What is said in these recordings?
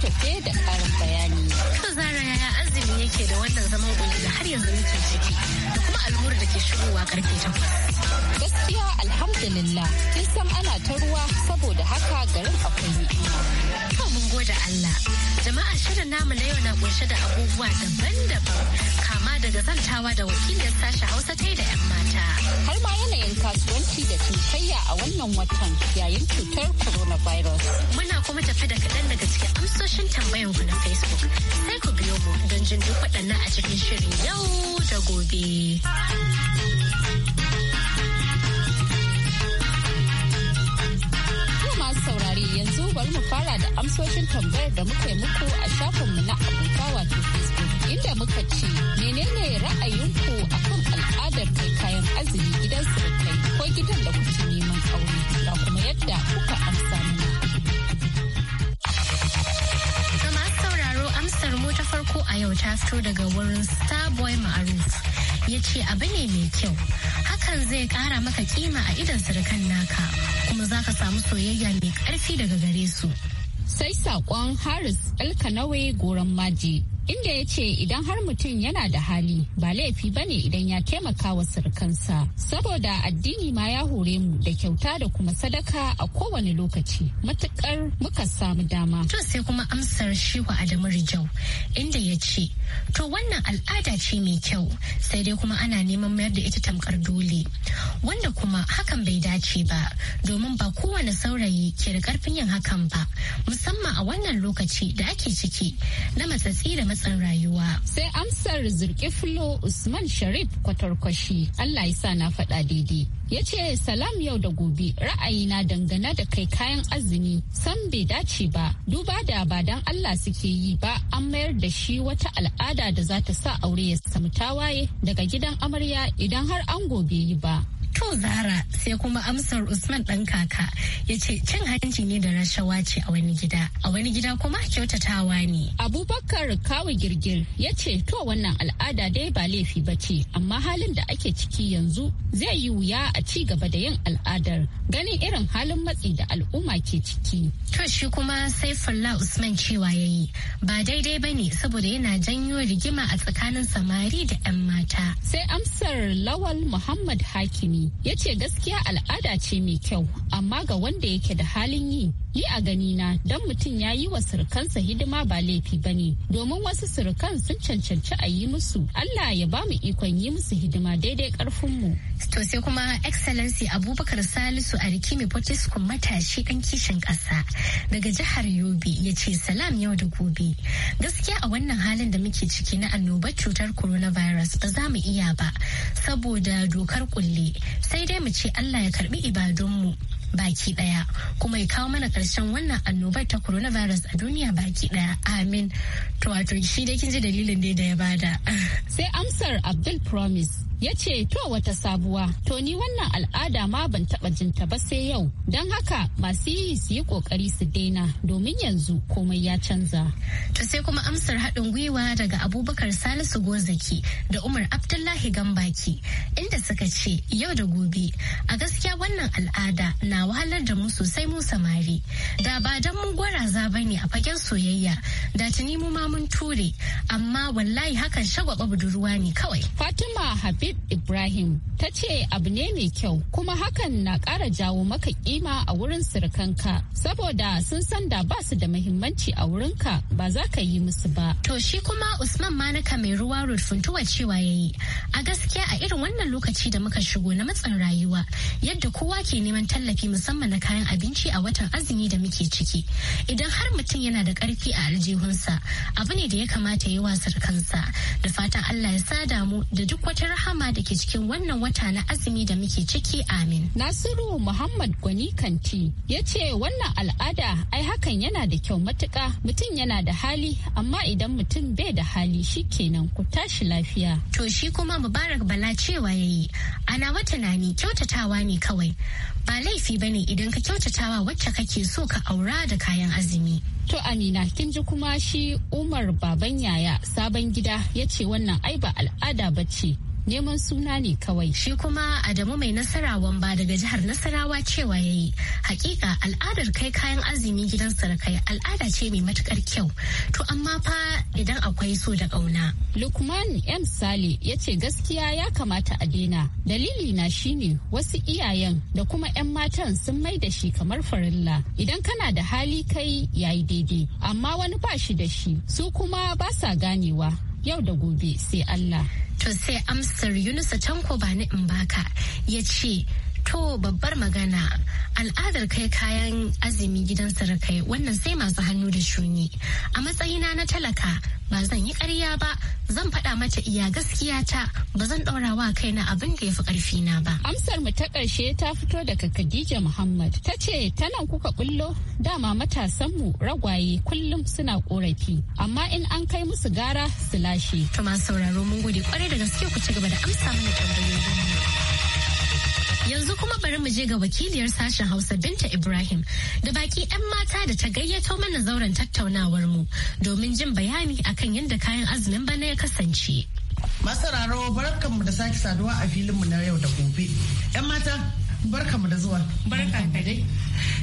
tafe da karin bayani. To Zara yaya azumi yake da wannan zaman da har yanzu muke ciki da kuma al'ummar da ke shigowa karfe takwas. Gaskiya alhamdulillah kin san ana ta ruwa saboda haka garin akwai ni'ima. gode Allah. Jama'a shirin namu na yau na kunshe da abubuwa daban-daban kama daga zantawa da wakilin sashi Hausa ta da 'yan mata. Har ma yanayin kasuwanci da cinikayya a wannan watan yayin cutar coronavirus. Muna kuma tafi da kaɗan daga cikin amsoshin tambayan ku na Facebook. Sai ku biyo mu don jin duk waɗannan a cikin shirin yau da gobe. saurare yanzu bari mu fara da amsoshin tambayar da muka yi muku a shafinmu na abota wato Facebook inda muka ce menene ra'ayinku kan al'adar kai kayan azumi gidan surukai ko gidan da kuke neman aure ga kuma yadda kuka amsa mana. sauraro amsar mu ta farko a yau ta fito daga wurin Starboy Ma'aruf ya ce abu ne mai kyau hakan zai kara maka kima a idon surukan naka. kuma za ka samu soyayya mai ƙarfi daga gare su. Sai saƙon Haris Elkanawe Goran Maji inda ya ce idan har mutum yana da hali ba laifi ba ne idan ya taimaka wa sirkansa saboda addini ma ya hore mu da kyauta da kuma sadaka a kowane lokaci matukar muka samu dama. To sai kuma amsar shi wa Adamu Rijau inda ya ce to wannan al'ada ce mai kyau sai dai kuma ana neman mayar da ita tamkar dole wanda kuma hakan bai dace ba domin ba kowane saurayi ke da karfin yin hakan ba musamman a wannan lokaci da ake ciki na matsatsi da matsin rayuwa. Sai amsar fulo Usman Sharif kwatarkwashi Allah ya sa na faɗa daidai. Ya ce salam yau da gobe ra'ayi na dangane da kai kayan azumi san bai dace ba duba da ba dan Allah suke yi ba an mayar da shi wata al'ada da za ta sa aure ya samu tawaye daga gidan amarya idan har an gobe yi ba. To Zara sai kuma amsar Usman ɗan kaka ya ce cin hanci ne da rashawa ce a wani gida. A wani gida kuma kyautatawa ne. Abubakar kawu girgir ya ce to wannan al'ada dai ba laifi ba ce amma halin da ake ciki yanzu zai yi wuya a ci gaba da yin al'adar ganin irin halin matsi da al'umma ke ciki. To shi kuma sai falla Usman cewa ya yi ba daidai ba ne saboda yana janyo rigima a tsakanin samari da 'yan mata. Sai amsar Lawal Muhammad Hakimi yi ya ce gaskiya al'ada ce mai kyau amma ga wanda yake da halin yi Ni a ganina don mutum ya yi wa surukansa hidima ba laifi ba ne, domin wasu surukan sun cancanci a yi musu. Allah ya ba mu ikon yi musu hidima daidai karfinmu. To sai kuma Excellency Abubakar Salisu a Rikimi Potiskum matashi ɗan kishin ƙasa daga jihar Yobe ya ce salam yau da gobe. Gaskiya a wannan halin da muke ciki na annobar cutar coronavirus ba za mu iya ba saboda dokar kulle sai dai mu ce Allah ya karbi ibadunmu. baki daya kuma ya kawo mana karshen wannan annobar ta coronavirus a duniya baki daya amin to wato shi dai kin ji dalilin da ya bada sai amsar abdul promise ya ce to wata sabuwa to ni wannan al'ada ma ban taba jinta ba sai yau don haka masu yi su yi kokari su daina domin yanzu komai ya canza. To sai kuma amsar haɗin gwiwa daga Abubakar Salisu Gozaki da Umar Abdullahi Gambaki inda suka ce yau da gobe a gaskiya wannan al'ada na wahalar da mu sosai mu samari da ba dan mu gwaraza ne a fagen soyayya da tuni mu ma mun ture amma wallahi hakan shagwaba budurwa ne kawai. Fatima Habib Ibrahim ta ce abu ne mai kyau kuma hakan na ƙara jawo maka kima a wurin surukanka saboda sun san da ba su da mahimmanci a wurinka ba za ka yi musu ba. To shi kuma Usman Manaka mai ruwa rufuntuwa cewa ya yi a gaskiya a irin wannan lokaci da muka shigo na matsin rayuwa yadda kowa ke neman tallafi musamman na kayan abinci a watan azumi da muke ciki idan har mutum yana da ƙarfi a aljihunsa abu ne da ya kamata ya yi wa surukansa da fatan Allah ya sa damu da duk wata rahama rahama da ke cikin wannan wata na azumi da muke ciki amin. Nasiru Muhammad Gwani Kanti ya ce wannan al'ada ai hakan yana da kyau matuka mutum yana da hali amma idan mutum bai da hali shi kenan ku tashi lafiya. To shi kuma Mubarak Bala cewa yayi ana wata ne kyautatawa ne kawai ba laifi ne idan ka kyautatawa wacce kake so ka aura da kayan azumi. To Amina kin ji kuma shi Umar baban yaya sabon gida ya ce wannan ai ba al'ada ba ce. neman suna ne kawai. Shi kuma Adamu mai nasara wamba daga jihar Nasarawa cewa ya yi. Hakika al'adar kai kayan azumi gidan sarakai al'ada ce mai matukar kyau. To amma fa idan akwai so da kauna. Lukman M. Sale ya ce gaskiya ya kamata a daina. Dalili na shine wasu iyayen da kuma 'yan matan sun mai da shi kamar farilla. Idan kana da hali kai yayi daidai amma wani ba shi da shi su kuma ba sa ganewa yau da gobe sai Allah. To sai amsar Yunusa Tanko ba ni in baka ya ce To babbar magana al'adar kai kayan azumi gidan sarakai wannan sai masu hannu da shuni. A matsayina na talaka ba zan yi ƙarya ba zan faɗa mata iya gaskiya ta ba zan ɗaura wa na abin da ya fi ƙarfina ba. Amsar mu ta ƙarshe ta fito daga Khadija Muhammad ta ce tanan kuka bullo dama matasan mu ragwaye kullum suna ƙorafi amma in an kai musu gara su lashe. To masu sauraro mun gode kwarai da gaske ku ci gaba da amsa mana tambayoyin. Yanzu kuma bari mu je ga wakiliyar sashen Hausa Binta Ibrahim da baki 'yan mata da ta gayyato mana zauren tattaunawar mu domin jin bayani akan yadda kayan azumin bana ya kasance. Masararo barkanmu da sake saduwa a filinmu na yau da gobe. 'Yan mata barkanmu da zuwa. Barka dai.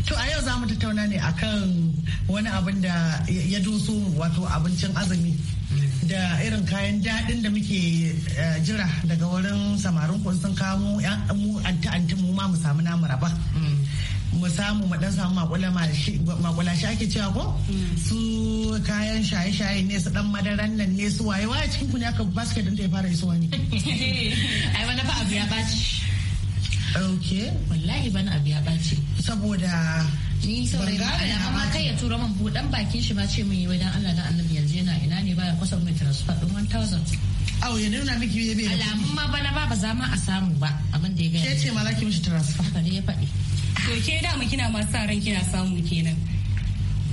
To a yau za mu tattauna ne akan wani abin da ya doso wato abincin azumi. da irin kayan daɗin da muke eh, jira daga wurin samarin ko sun kawo mu anti anti mu ma mu samu namu raba mm. mu samu mu dan samu makula shi ake cewa ko mm. su kayan shaye-shaye ne su dan madaran nan ne su waye waye cikin ku ne aka basket din da ya fara isuwa ne ai wani fa abu ya baci ok wallahi bana abu ya baci saboda ni saurayi ma ana ma kai ya tura man budan bakin shi ma ce mun yi wai dan Allah dan annabi baya kusan mai transfer din 1000 awo ya nuna miki ya biya alamun ma bana ba ba za mu a samu ba abin da ya gaya ke ce ma za ki mishi transfer haka ne ya faɗi to ke mu kina ma sa ran kina samu kenan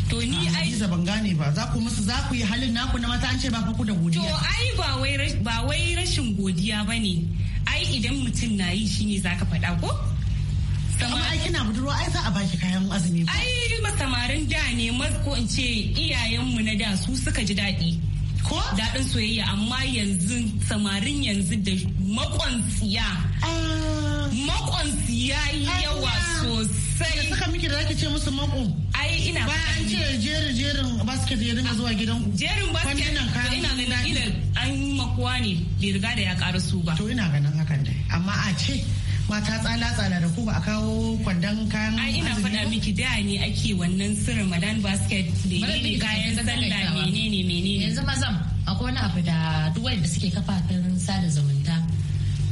to ni ai Hadiza ban gane ba za ku musu za ku yi halin naku na mata an ce ba fa ku da godiya to ai ba wai ba wai rashin godiya bane ai idan mutum na yi shine zaka faɗa ko amma ai kina budurwa ai za a baki kayan azumi ai masamarin da ne ko in ce iyayenmu na da su suka ji daɗi ko daɗin soyayya amma yanzu samarin yanzu da makonciya ah. makonciya yawa sosai da suka miki da zaki ce musu mako ai ina bayan ce jerin jerin basket ya dinga ah, zuwa gidan ku jerin basket ina ganin ina an makuwa ne bai riga da ya karasu ba to ina ganin hakan dai amma a ce mata tsala tsala da ku ba a kawo kwandon kayan A ina faɗa miki da ne ake wannan sir madan basket da ne kayan sallah menene menene yanzu mazam akwai wani abu da duk da suke kafafen sada zumunta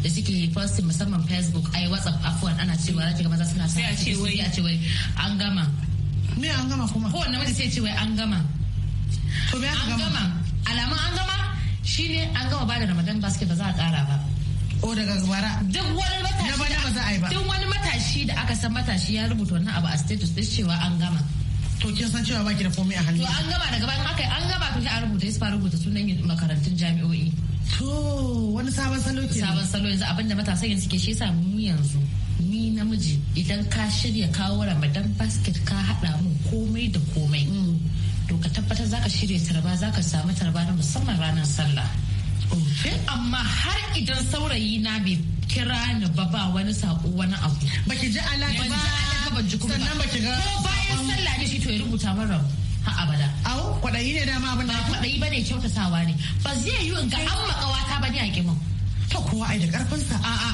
da suke posting musamman facebook ai whatsapp afuwan ana cewa zaki ga maza suna sa a cewa a ce wai an gama me an gama kuma ko wanda wani sai ce wai an gama to me an gama alamun an gama shine an gama ba da ramadan basket ba za a kara ba ko daga bara duk wani matashi da duk wani matashi da aka san matashi ya rubuta wannan abu a status din cewa an gama to kin san cewa baki da komai a hannu to an gama daga bayan haka an gama to sai a rubuta isfa rubuta sunan makarantun jami'o'i to wani sabon salo ke sabon salo yanzu da matasan yanzu ke shi yasa mu yanzu ni namiji idan ka shirya kawo ramadan basket ka hada mun komai da komai mm. to ka tabbatar zaka shirya tarba zaka samu tarba na musamman ranar sallah amma har idan saurayi na bai kira ni ba ba wani sako wani abu baki ji alaƙa ba ban ji kuma sannan ki ga ko bayan sallah ne shi to ya rubuta mara ha abada au kwadayi ne dama abin da kwadayi kyauta kyautatawa ne ba zai yi in ga an makawata ne a kimin to kowa ai da karfinsa a a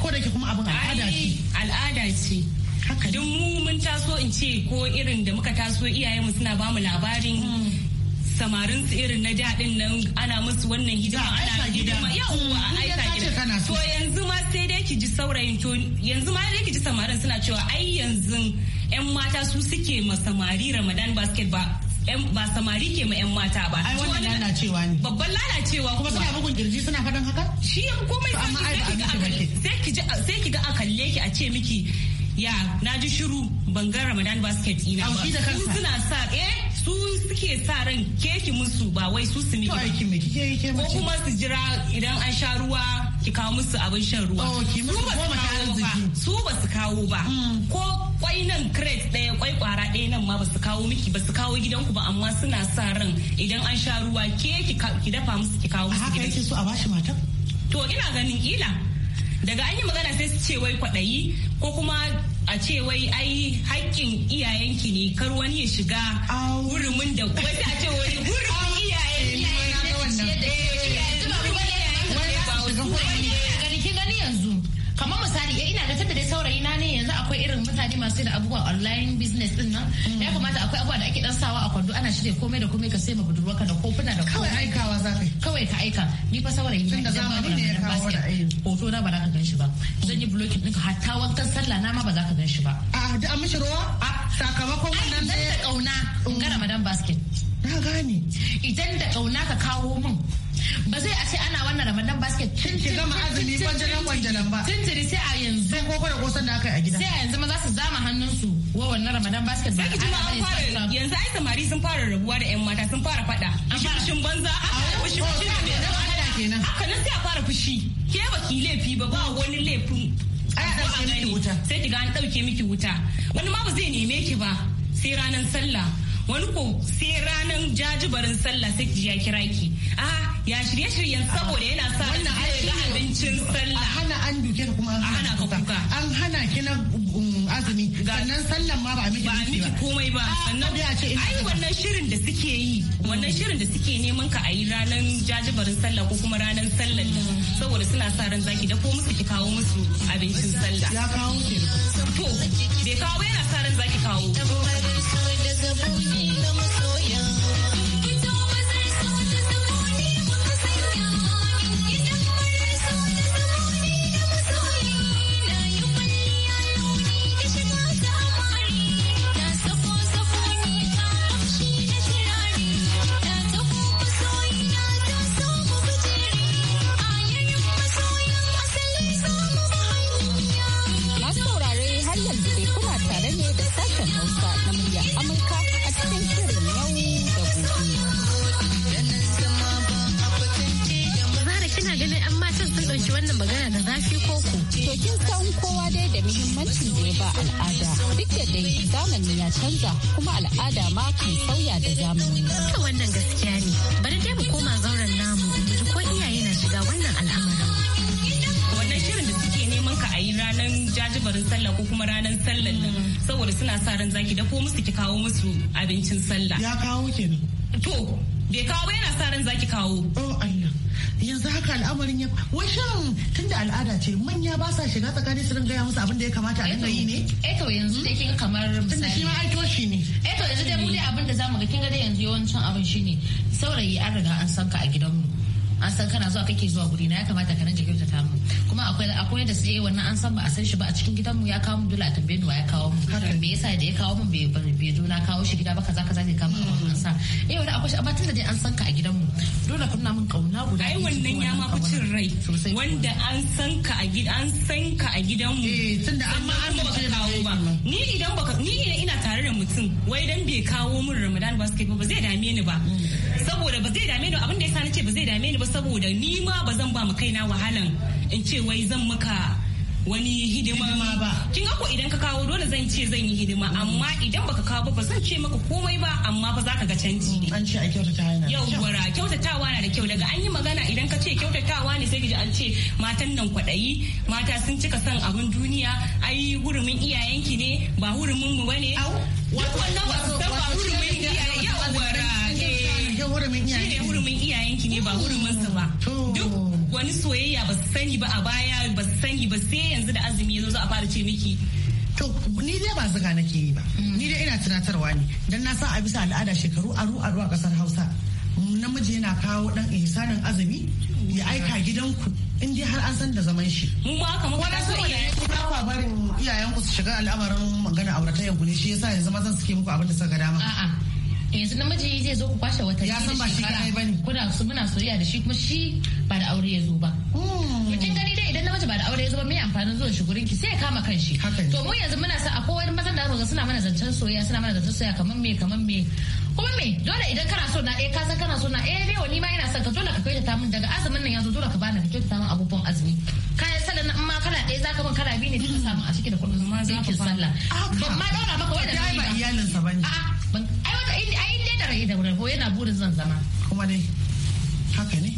ko da ke kuma abin al'ada ce al'ada ce haka duk mu mun taso in ce ko irin da muka taso iyayenmu suna bamu labarin hmm. samarin su irin na daɗin nan ana musu wannan hidima ana hidima yawwa a aika gida to yanzu ma sai dai ki ji saurayin to yanzu ma dai ki ji samarin suna cewa ai yanzu yan mata su suke ma samari ramadan basket ba ba samari ke ma 'yan mata ba. Ai wannan lalacewa ne. Babban lalacewa kuma suna bugun girji suna fadan haka? Shi komai sai ki ga a kalle ki a ce miki ya na ji shiru ban ga Ramadan basket ina ba. Suna sa eh su suke sa ran keki musu ba wai su su miki ko kuma su jira idan an sha ruwa ki kawo musu abin shan ruwa oh, su ba su kawo ba mm. ko kwai nan crate ɗaya kwai kwara ɗaya nan ma su kawo miki su kawo gidanku ba amma suna sa ran idan an sha ruwa ke ki dafa musu ki kawo musu haka yake so a bashi matan to ina ganin kila daga an yi magana sai su ce wai kwaɗayi ko kuma a ce wai ai haƙƙin iyayenki ne kar wani ya shiga hurumin da wani a ce wani hurumin iyayen eh, iyayen da kamar misali ya eh, ina da dai saurayi na ne yanzu akwai irin mutane masu da abubuwa online business din nan mm. ya kamata akwai abubuwa da ake dan sawa a kwando ana shirya komai da komai ka sai ma ka da kofuna da kawai aikawa za ka kawai ka aika ni fa saurayi na da zamani ne ya kawo da hoto na ba za ka gan shi ba zan yi blocking ka hatta wankan sallah na ma ba za ka gan shi ba a ah, da an mishi ruwa sakamakon wannan da kauna in gara ramadan basket na gane idan da kauna ka kawo min ba zai a ce ana wannan ramadan basket tun ki gama azumi kwanjalan kwanjalan ba tun tiri sai a yanzu sai koko da kosan da aka yi a gida sai a yanzu maza su zama hannun su wa wannan ramadan basket ba a yanzu ai samari sun fara rabuwa da yan mata sun fara fada shin banza A fushin shi ne da fada kenan haka nan sai a fara fushi ke baki laifi ba ba wani laifin sai ki ga an dauke miki wuta wani ma ba zai neme ki ba sai ranar sallah wani ko sai ranar jajibarin sallah sai ki ya kira ki a ah, ya shirye-shiryen saboda yana sa wannan ga abincin sallah a hana an duke ka kuma an hana ka kuka an hana ki na um, azumi sannan sallan ma ba a miki ba a miki komai ba ah, sannan da ya ce ai wannan shirin da suke yi wannan shirin da suke neman ka a yi ranar jajibarin sallah ko kuma ranar sallah saboda suna sa ran zaki da ko musu ki kawo musu abincin sallah ya kawo ki to bai kawo ba yana sa ran zaki kawo da muhimmancin da ya ba al'ada duk da dai zamani ya canza kuma al'ada ma kan sauya da zamani. Ka wannan gaskiya ne bari dai mu koma zauren namu da ko iyaye na shiga wannan al'amarin. Wannan shirin da suke neman ka a yi ranar jajibarin sallah ko kuma ranar sallah nan mm. saboda suna sa ran zaki da ko musu ki kawo musu abincin sallah. Ya kawo kenan. To bai kawo ba yana sa ran zaki kawo. Oh Allah. yanzu haka al'amarin ya Wai tun tunda al'ada ce manya ba sa shiga tsakanin su dinga ya musu abin da ya kamata a dinga yi ne eh to eh yanzu dai kin kamar misali tunda shi ma ai toshi ne eh to yanzu dai mu dai abin da zamu ga ga dai yanzu yawancin abin shine saurayi an riga an sanka a gidanmu an san kana zuwa kake zuwa guri na ya kamata ka rinka kyautata mu kuma akwai akwai da sai wannan an san ba a san shi ba a cikin gidan mu ya kawo mu dole a tambaye mu wa ya kawo mu me yasa da ya kawo mu bai bai zo na kawo shi gida ba kaza kaza ne kama a sa eh wani akwai amma tunda dai an san ka a gidan mu dole ka nuna mun kauna guda ai wannan ya ma fi cin rai wanda an san ka a gida an san ka a gidan eh tunda amma an ba ka kawo ba ni idan baka ni idan ina tare da mutum wai dan bai kawo min Ramadan basket ba ba zai dame ni ba mm. saboda ba zai dame ni abin da yasa nace ba zai dame ni ba saboda ni ma ba zan ba mu kaina wahalan in ce wai zan maka wani hidima ma ba kin ga ko idan ka kawo dole zan ce zan yi hidima amma idan baka kawo ba ba zan ce maka komai ba amma ba za ka ga canji an ce a kyautata yana. yau gwara kyautatawa na da kyau daga an yi magana idan ka ce kyautatawa ne sai ka ji an ce matan nan kwaɗayi mata sun cika son abin duniya ai hurumin iyayenki ne ba hurumin mu bane wato wannan ba su san ba hurumin iyayen yau gwara ne hurumin iyayen aiki ne ba masa ba duk wani soyayya ba su sani ba a baya ba su sani ba sai yanzu da azumi yanzu a fara ce miki to ni dai ba zuga nake yi ba mm. ni dai ina tunatarwa ne dan na san a bisa al'ada shekaru aru aru a kasar Hausa namiji yana kawo dan ihsanin azumi ya aika gidanku in dai har an san da zaman shi mu ba haka muka taso iyayen ku ba barin iyayen ku su shiga al'amarin magana auratayyan ku ne shi yasa yanzu mazan suke muku abin da suka ga dama a'a yanzu namiji zai zo ku kwashe wata ya san ba shi kadai bane kuna su muna soyayya da shi kuma shi ba da aure ya zo ba mutum gani dai idan namiji ba da aure ya zo ba me amfanin zuwan shi gurin ki sai ya kama kanshi to mu yanzu muna sa akwai wani mazan da ga suna mana zancen soyayya suna mana zancen soyayya kamar me kamar me kuma me dole idan kana so na eh ka san kana so na eh ne wani ma ina son ka dole ka ta mun daga azumin nan yanzu dole ka bani ka ta mun abubuwan azumi kayan sallah na amma kana ɗaya zaka min kana biyu ne kika samu a ciki da kuɗin ma za ka sallah ba dole daura maka wanda ba iyalinsa bane a'a fara yi da ko yana burin zan zama kuma dai haka ne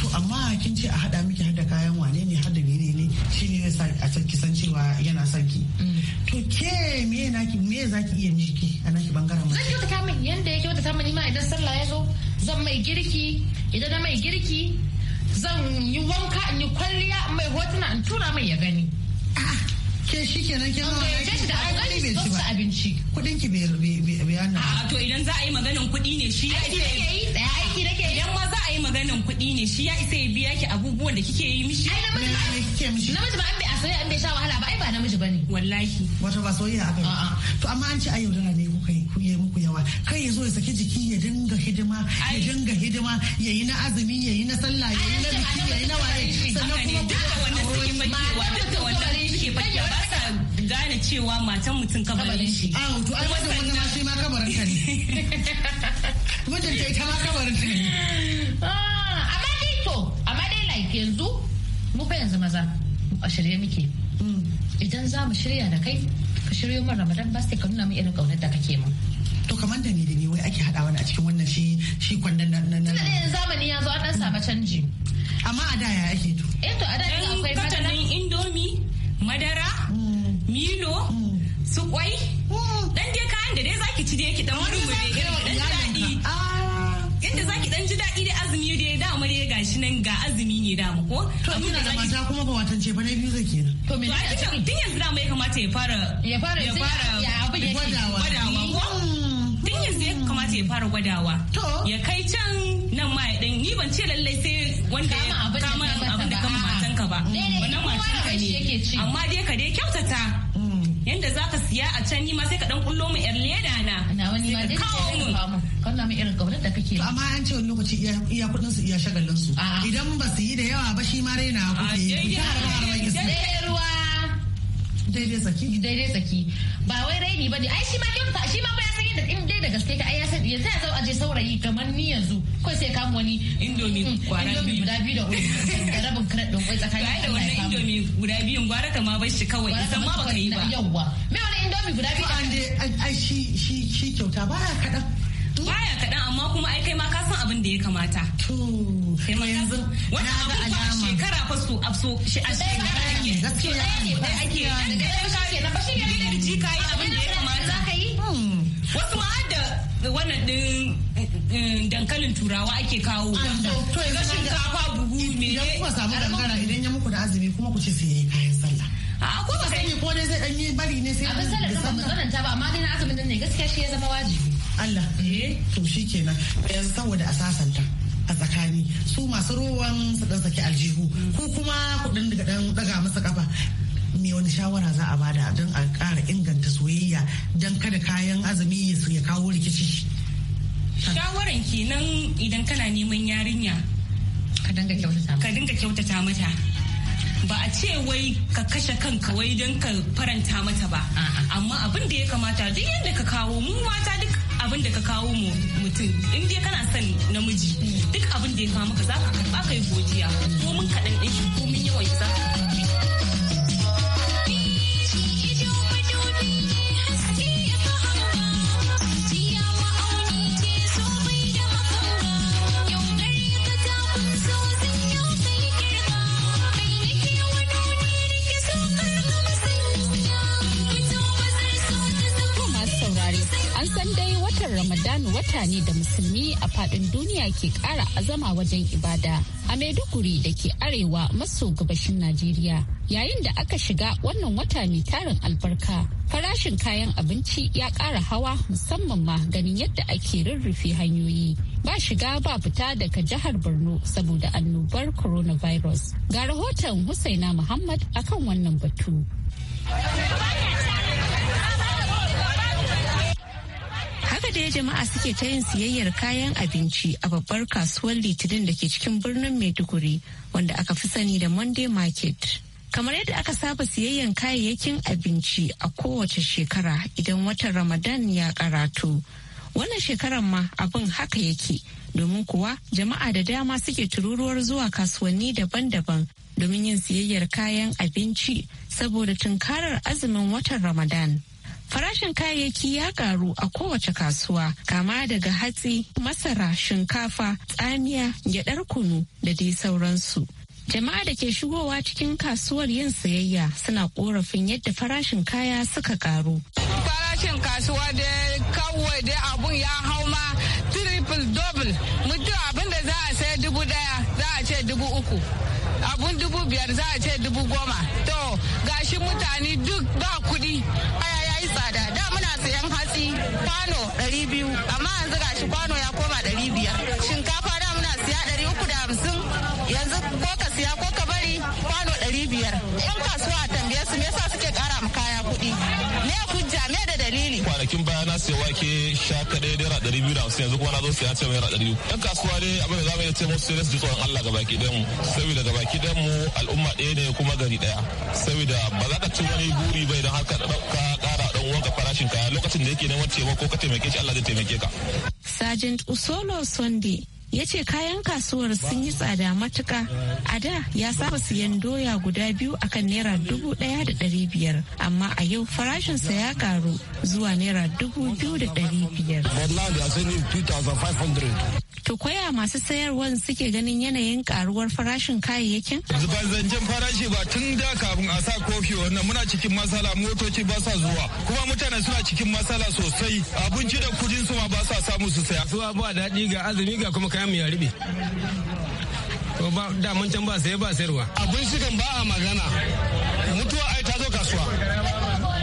to amma kin ce a hada miki hada kayan wane ne hada mene ne shine ne a sarki san cewa yana sarki mm. to ke me naki me zaki iya miki a naki bangaren mace zan kyautata min yanda ya kyautata min ma idan sallah ya zo zan mai girki idan na mai girki zan yi wanka in yi kwalliya mai hotuna in tura mai ya gani ke shi kenan ke ma ya ce da alƙali bai ci ba abinci kudin ki bai bayanin a to idan za a yi maganin kudi ne shi ya isa yi daya aiki nake yi idan ma za a yi maganin kudi ne shi ya isa ya biya ki abubuwan da kike yi mishi ai namiji ba ne kike mishi namiji ba an bai asali an bai sha wahala ba ai ba namiji bane wallahi wato ba soyayya aka yi to amma an ci ayyau dana ne kuka yi kuye muku yawa kai ya zo ya saki jiki ya dinga hidima ya dinga hidima ya yi na azumi ya yi na sallah ya yi na biki ya yi na waye sannan kuma duka wannan sai mai duka wannan suke faɗi ba sa gane cewa matan mutum kabarin shi. A to ai wannan wani ma shi ma kabarin ta ne. Mijinta ita ma kabarin ta ne. Ah, amma dai to, amma dai like yanzu mu fa yanzu maza a shirye muke. Hmm. Idan za mu shirya da kai, ka shirya mun Ramadan ba sai ka nuna min irin kaunar da kake mun. to kamar da ni da ni wai ake hada wani a cikin wannan shi shi kwandon nan na Tunda yanzu zamani ya zo an dan samu canji amma a da ya ake to eh to a da akwai matan indomi madara milo su kwai dan je kayan da dai zaki ci dai ki dan wani mure irin dan daɗi yadda zaki dan ji daɗi da azumi dai dama dai gashi nan ga azumi ne mu ko to kina da mata kuma ba watan ce ba na biyu zake na to me ne a tun yanzu dama ya kamata ya fara ya fara ya fara gwadawa ko tun yanzu ya kamata ya fara gwadawa ya kai can nan ma ya dan ni ban ce lallai sai wanda ya kama abin da kama ba wannan matar ka ne amma dai ka dai kyautata mm. yanda za ka siya a can ma sai ka dan kullo mu yar leda na na kawo mu kana mu irin kaunar da kake amma an ce wani lokaci iya kudin su iya shagalin su idan ba su yi da yawa ba shi ma raina kuke yi daidai tsaki daidai tsaki ba wai raini ne. ai shi ma kyauta shi ma ba ya ta in dai da gaske ta ai ya san ya ta zo aje saurayi kamar ni yanzu ko sai kam wani indomi mm, kwara biyu guda biyu da wani da rabin kret din kai tsakanin kai da wannan indomi guda biyun gwara ta ma bar shi kawai san ma baka yi ba yawwa me wannan indomi guda biyu an ai shi shi shi kyauta baya kadan baya kadan amma kuma ai kai ma ka san abin da ya kamata to kai ma yanzu wannan abin fa shekara fa su abso shi a shekara ne gaskiya ne ake yi da shi ne da jika abin da ya kamata za ka yi wasu ma da wannan din eh, dankalin turawa ake kawo ah, ga shinkafa buhu me idan kuma samu dangana idan ya muku da azumi kuma ku ce sai yayi kayan sallah a ko ba sai ko dai zai dan yi bari ne sai abin sallah ba maganar ta ba amma dai na azumi din ne gaskiya shi ya zama wajibi Allah eh to shikenan yanzu saboda a sasanta a tsakani su masu ruwan su dan saki aljihu ko kuma ku dan daga dan daga masa kafa me wani shawara za a bada don a ƙara inganta soyayya don kada kayan azumi ya kawo rikici shawaran kenan idan kana neman yarinya ka dinga kyautata mata ba a ce wai ka kashe kanka wai don ka faranta mata ba amma abin da ya kamata duk yadda ka kawo mu mata duk abin da ka kawo mu mutum in dai kana son namiji duk abin da ya kawo maka za ka karba ka yi godiya ko mun kaɗan ɗin ko mun yawan za ka wata da musulmi a faɗin duniya ke ƙara azama wajen ibada a Maiduguri da ke arewa maso gabashin Najeriya. Yayin da aka shiga wannan wata mai tarin albarka, farashin kayan abinci ya ƙara hawa musamman ma ganin yadda ake rurrufe hanyoyi. Ba shiga ba fita daga jihar Borno saboda annobar coronavirus. Ga rahoton Husaina Muhammad akan wannan batu. haka dai jama'a suke ta yin siyayyar kayan abinci a babbar kasuwar litinin da ke cikin birnin maiduguri wanda aka fi sani da monday market kamar yadda aka saba siyayyan kayayyakin abinci a kowace shekara idan watan ramadan ya karatu wannan shekarar ma abin haka yake domin kuwa jama'a da dama suke tururuwar zuwa kasuwanni daban-daban domin yin siyayyar kayan abinci saboda tunkarar azumin watan ramadan Farashin kayayyaki ya karu a kowace kasuwa kama daga hatsi, masara, shinkafa, tsamiya, gyaɗar kunu da dai sauransu. Jama'a da ke shigowa cikin kasuwar yin sayayya suna korafin yadda farashin kaya suka karu. Farashin kasuwa da kawai da abun ya hau ma triple double mutum abin da za a saya dubu daya za a ce dubu uku. abun dubu biyar za a ce dubu goma to gashi mutane duk ba kuɗi aya ya yi tsada da muna sayan hatsi kwano ɗari biyu amma yanzu gashi kwano ya koma ɗari biyar shinkafa da muna siya ɗari uku da hamsin yanzu ko ka siya ko ka bari kwano ɗari biyar 'yan kasuwa tambaye su me yasa suke ƙara kaya kuɗi dalili kwanakin baya na siya wake sha kaɗai naira ɗari biyu da hamsin yanzu kuma na zo siya a naira ɗari biyu yan kasuwa ne abin da za mu iya ce musu sai su ji tsoron Allah gabaki ɗayan mu saboda gabaki ɗayan mu al'umma ɗaya ne kuma gari ɗaya saboda ba za ka ci wani buri bai idan haka ka ƙara ɗan uwanka farashin kaya lokacin da yake neman taimako ka taimake shi Allah zai taimake ka. sajent Usolo Sunday ya ce kayan kasuwar sun yi tsada matuka a da ya saba siyan doya guda biyu akan naira dubu daya da dari biyar amma a yau farashinsa ya karu zuwa naira dubu biyu da dari biyar To koya masu sayarwar suke ganin yanayin karuwar farashin kayayyakin? Yanzu ba zancen farashi ba tun da kafin a sa kofi wannan muna cikin matsala motoci ba sa zuwa kuma mutane suna cikin matsala sosai abinci da kudin su ma ba sa samu su saya. Zuwa ba daɗi ga azumi ga kuma kayan mu ya riɓe. To ba da mun can ba sai ba sayarwa. Abin shigan ba a magana. Mutuwa ai ta zo kasuwa.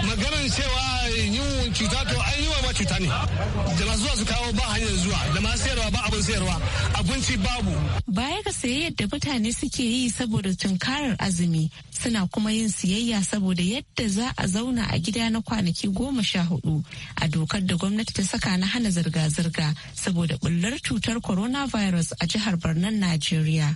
Maganan cewa yin wa ma kawo ba zuwa da masu sayarwa abinci babu baya ga sayayyar da mutane suke yi saboda tunkarar azumi suna kuma yin siyayya saboda yadda za a zauna a gida na kwanaki goma sha hudu a dokar da gwamnati ta saka na hana zirga-zirga saboda bullar cutar coronavirus a jihar Barnan Najeriya.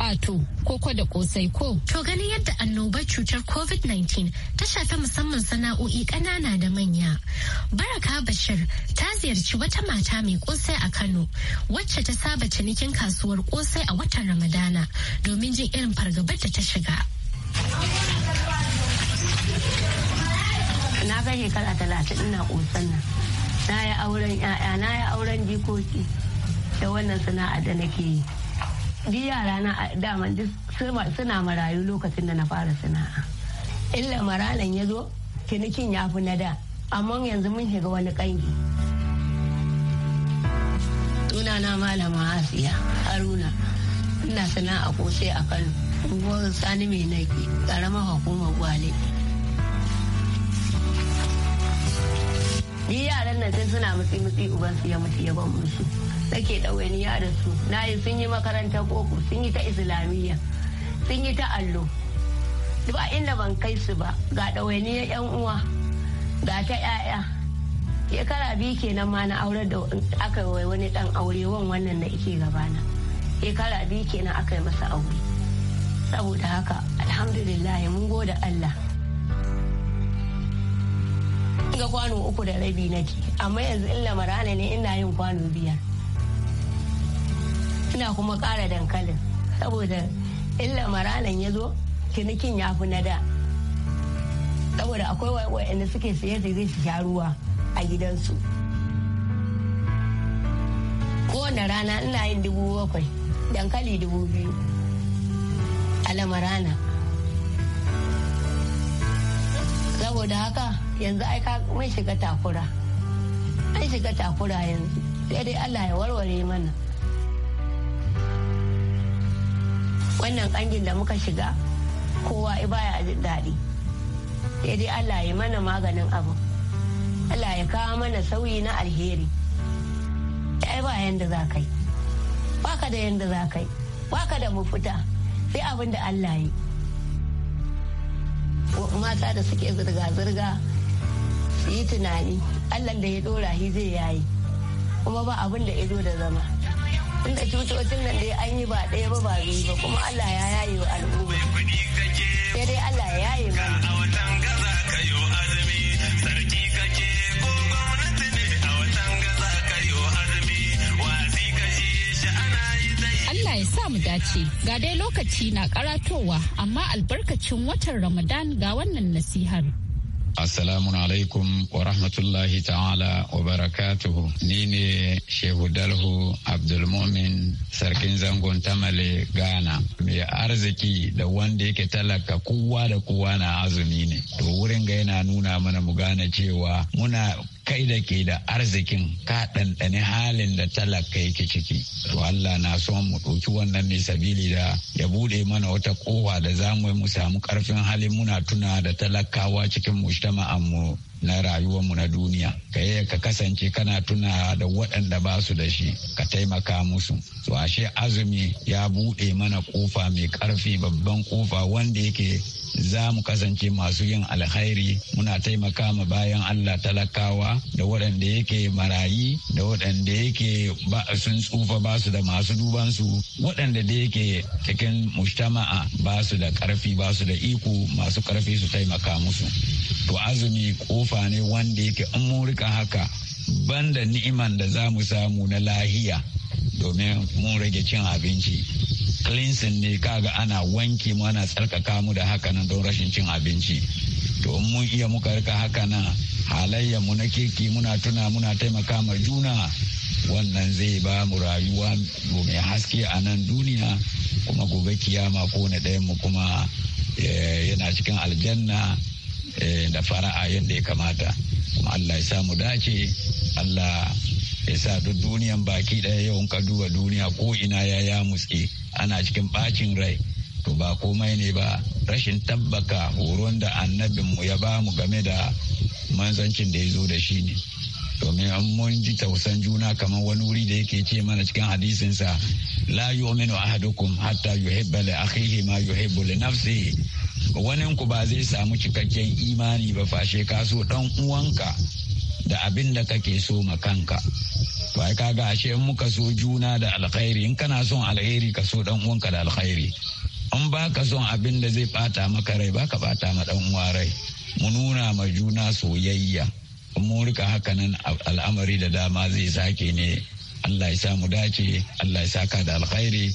ato ko da kosai ko. To ganin yadda annobar cutar COVID-19 ta shafi musamman sana'o'i ƙanana da manya. Baraka Bashir ta ziyarci wata mata mai kosai a Kano wacce ta saba cinikin kasuwar kosai a watan Ramadana domin jin irin fargabar da ta shiga. Na kai shekara talatin ina kosan nan. Na yi auren 'ya'ya, na yi auren jikoki da wannan sana'a da nake yi. duk yara na dama suna marayu lokacin da na fara sana'a illa maralan ya zo cinikin ya fi na da amma yanzu mun shiga wani kangi sunana malama asiya haruna ina sana'a ko sai a kano unguwar sani mai naki karamar hukumar gwale ni yaran nan sun suna mutsi mutsi uban su ya mutu ya ban musu nake ɗawainiya da su na yi sun yi makarantar boko sun yi ta islamiyya sun yi ta allo ba inda ban kai su ba ga ɗawainiyar yan uwa ga ta 'ya'ya shekara biyu kenan ma na aure da aka yi wani dan aure wan wannan da ike gabana shekara biyu kenan aka yi masa aure saboda haka alhamdulillah mun gode Allah ga kwano uku da rabi nake amma yanzu in lamarana ne ina yin kwano biyar ina kuma kara dankalin saboda in lamaranan ya zo cinikin ya fi na da saboda akwai waɗanda suke saye su zai sha ruwa a gidansu kowane rana ina yin dubu bakwai dankali dubu biyu a lamarana saboda haka yanzu ai ka mun shiga takura an shiga takura yanzu sai dai Allah ya warware mana wannan kangin da muka shiga kowa baya ji daɗi sai dai Allah ya mana maganin abu Allah ya kawo mana sauyi na alheri ai ba yanda za ka yi baka da yanda za ka yi baka da mafita sai abin da Allah ya yi mata da suke zirga-zirga yi tunani allah da ya dora shi zai yayi kuma ba abin da ido da zama inda cutocin nan dai an yi ba ɗaya ba ba biyu ba kuma allah ya yaye wa al'umma sai dai allah ya yaye mana Allah ya sa mu dace ga dai lokaci na karatowa amma albarkacin watan Ramadan ga wannan nasihar. Assalamu alaikum wa rahmatullahi ta'ala wa barakatuhu. Ni ne Shehu Dalhu Abdulmumin Sarkin Zangon Tamale Ghana. Mai arziki da wanda yake talaka kowa da kowa na azumi ne. To wurin ga yana nuna mana mu gane cewa muna kai da ke da arzikin ka ɗanɗani halin da talaka yake ciki to Allah na so mu ɗauki wannan ne sabili da ya buɗe mana wata kowa da za mu mu samu ƙarfin halin muna tuna da talakawa cikin mujtama'an mu na rayuwarmu na duniya ka yi ka kasance kana tuna da waɗanda ba su da shi ka taimaka musu to ashe azumi ya buɗe mana ƙofa mai ƙarfi babban ƙofa wanda yake za mu kasance masu yin alkhairi muna taimaka ma bayan Allah talakawa da waɗanda yake marayi da waɗanda yake sun tsufa ba su da masu dubansu waɗanda da yake cikin mujtama'a ba su da ƙarfi ba su da iko masu ƙarfi su taimaka musu to azumi kofa ne wanda yake in mun rika haka banda ni'iman da za mu samu na lahiya domin mun rage cin abinci cleansing ne kaga ana wanke mu ana tsarkaka mu da haka nan don rashin cin abinci to in mun iya muka rika haka nan halayya mu na kirki muna tuna muna taimaka ma juna wannan zai ba mu rayuwa mai haske a nan duniya kuma gobe kiyama ko na ɗayan mu kuma eh, yana cikin aljanna eh, da fara'a yadda ya kamata kuma allah ya samu dace allah ya sa duk duniyan baki ɗaya yawan ka duba duniya ko ina ya ya mutse ana cikin bacin rai to ba komai ne ba rashin tabbaka horon da annabinmu ya ba mu game da manzancin da ya zo da shi ne domin an mun ji tausan juna kamar wani wuri da yake ce mana cikin hadisinsa la yu'minu ahadukum hatta yuhibba li akhihi ma yuhibbu li nafsihi wanin ku ba zai samu cikakken imani ba fashe ka so dan uwanka da abin da kake so ma kanka to ai kaga ashe in muka so juna da alkhairi in kana son alheri ka so dan uwanka da alkhairi in baka ka son abin da zai bata maka rai ba ka bata ma dan uwa rai mu nuna ma juna soyayya in mu rika hakanan al'amari da dama zai sake ne Allah ya sa mu dace Allah ya saka da alkhairi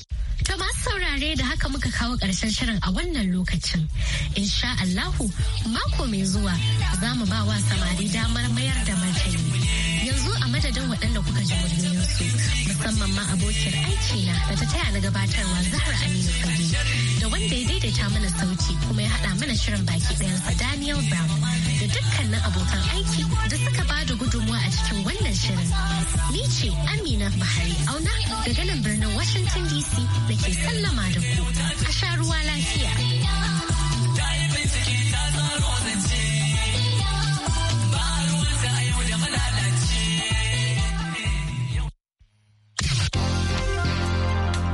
To masu saurare da haka muka kawo ƙarshen shirin a wannan lokacin. Insha Allahu mako mai zuwa za mu ba wa samari damar mayar da martani. madadin waɗanda kuka ji su musamman ma abokin aiki na da ta taya na gabatarwa Zahra Aminu kabi da wanda ya daidaita mana sauti kuma ya haɗa mana shirin baki ɗayan sa Daniel Brown da dukkanin abokan aiki da suka ba da gudunmuwa a cikin wannan shirin. Ni ce Amina Bahari Auna daga nan birnin Washington DC da ke sallama da ku a sha ruwa lafiya.